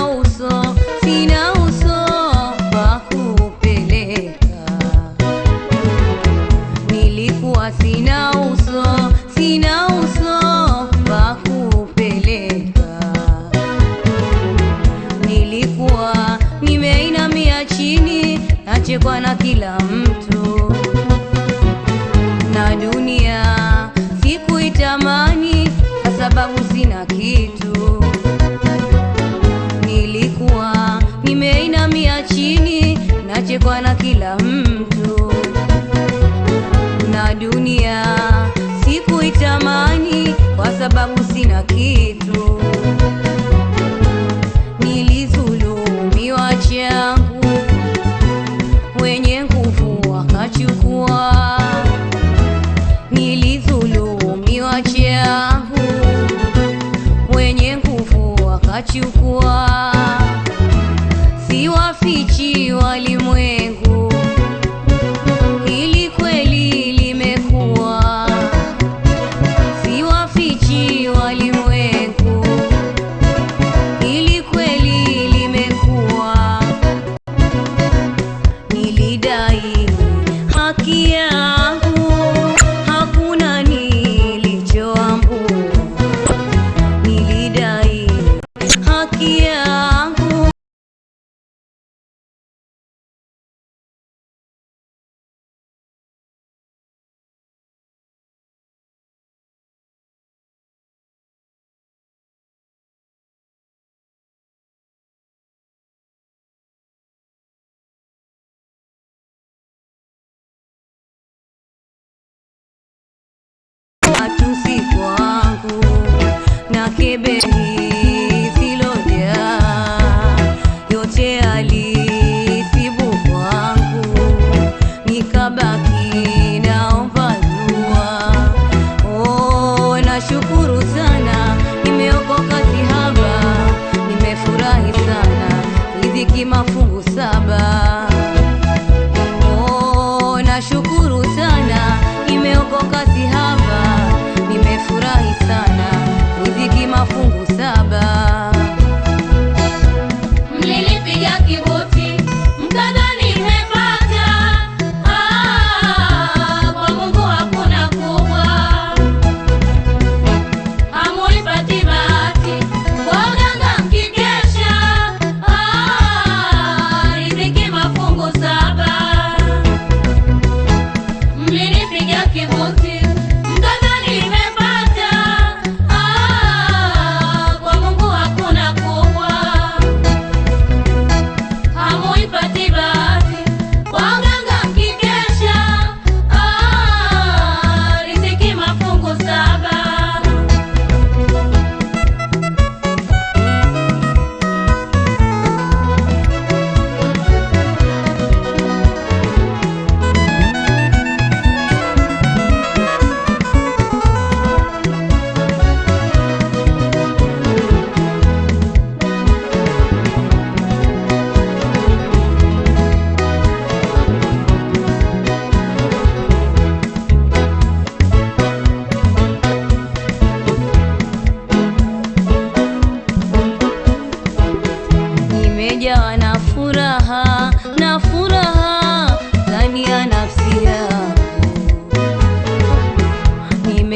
não kila mtu na dunia sikuitamani, kwa sababu sina kitu. Chukua. changu, wenye nguvu wakachukua. changu, wenye nguvu wakachukua.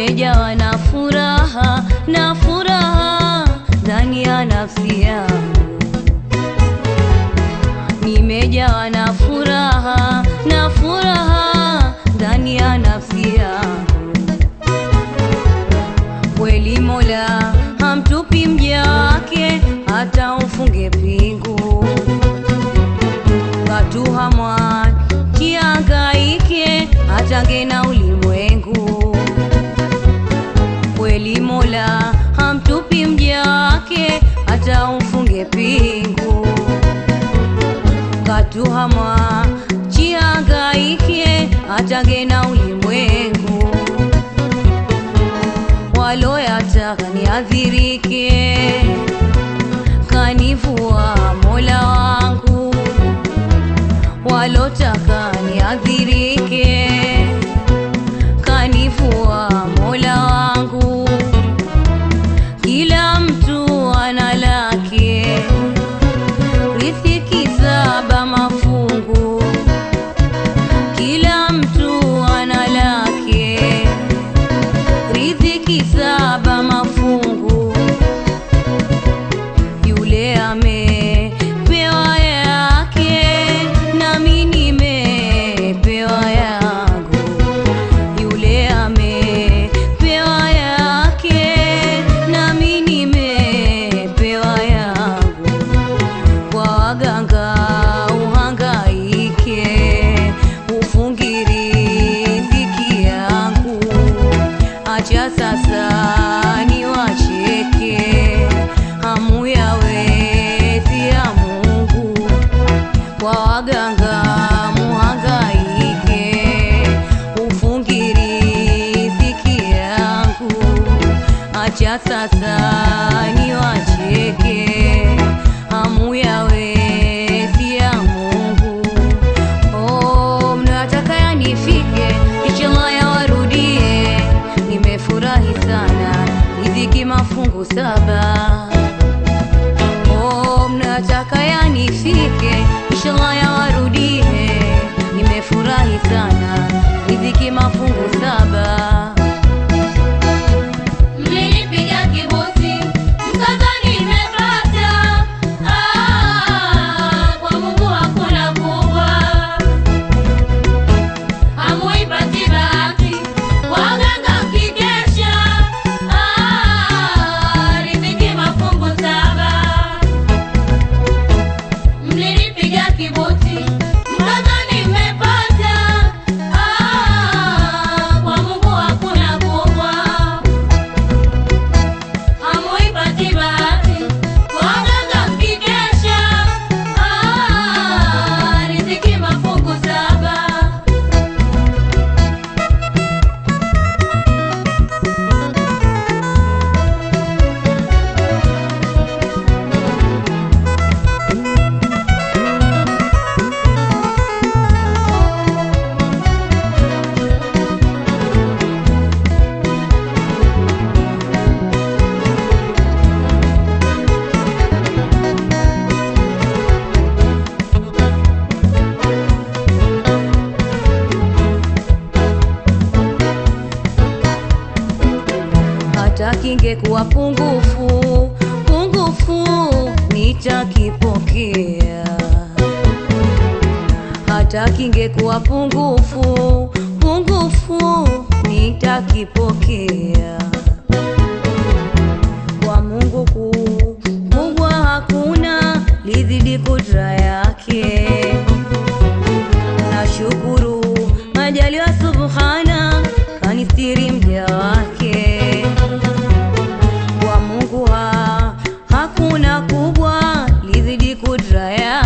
nimejawa na furaha na furaha ndani ya nafsi yangu, nimejawa na furaha na furaha ndani ya nafsi yangu. Kweli Mola hamtupi mja wake hata ufunge sasa ni wacheke hamu ya wezi ya Mungu oh, mnataka yanifike ya warudie. Nimefurahi sana nidhiki mafungu saba oh, mnataka yanifike ya yawarudie. Nimefurahi sana takingekuwa pungufu pungufu nitakipokea kwa Mungu kuu mungwa hakuna lidhidi kudra yake na shukuru majaliwa subhana kanistiri mja wake kwa Mungu ha hakuna kubwa lidhidi kudra yake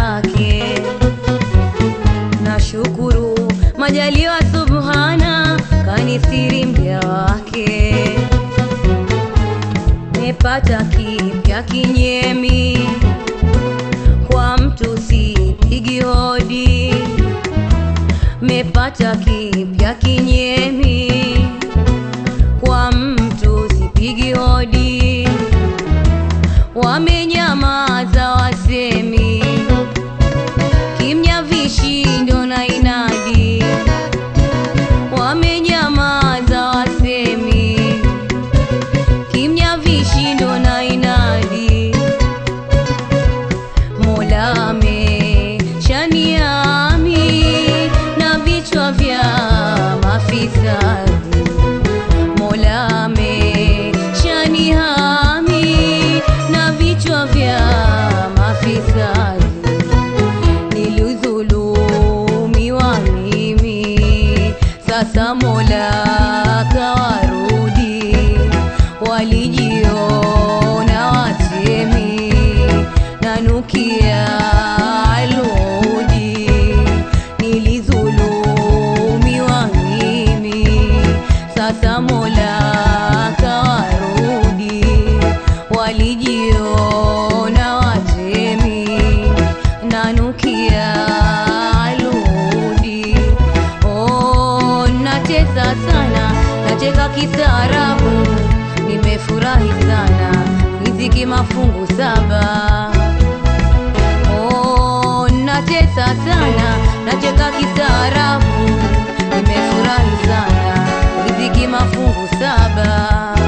Nimepata kipya kinyemi, kwa mtu sipigi hodi. Mepata kipya kinyemi ficar muziki mafungu saba. Oh, nacheza sana, nacheka kistaarabu, nimefurahi sana, muziki mafungu saba.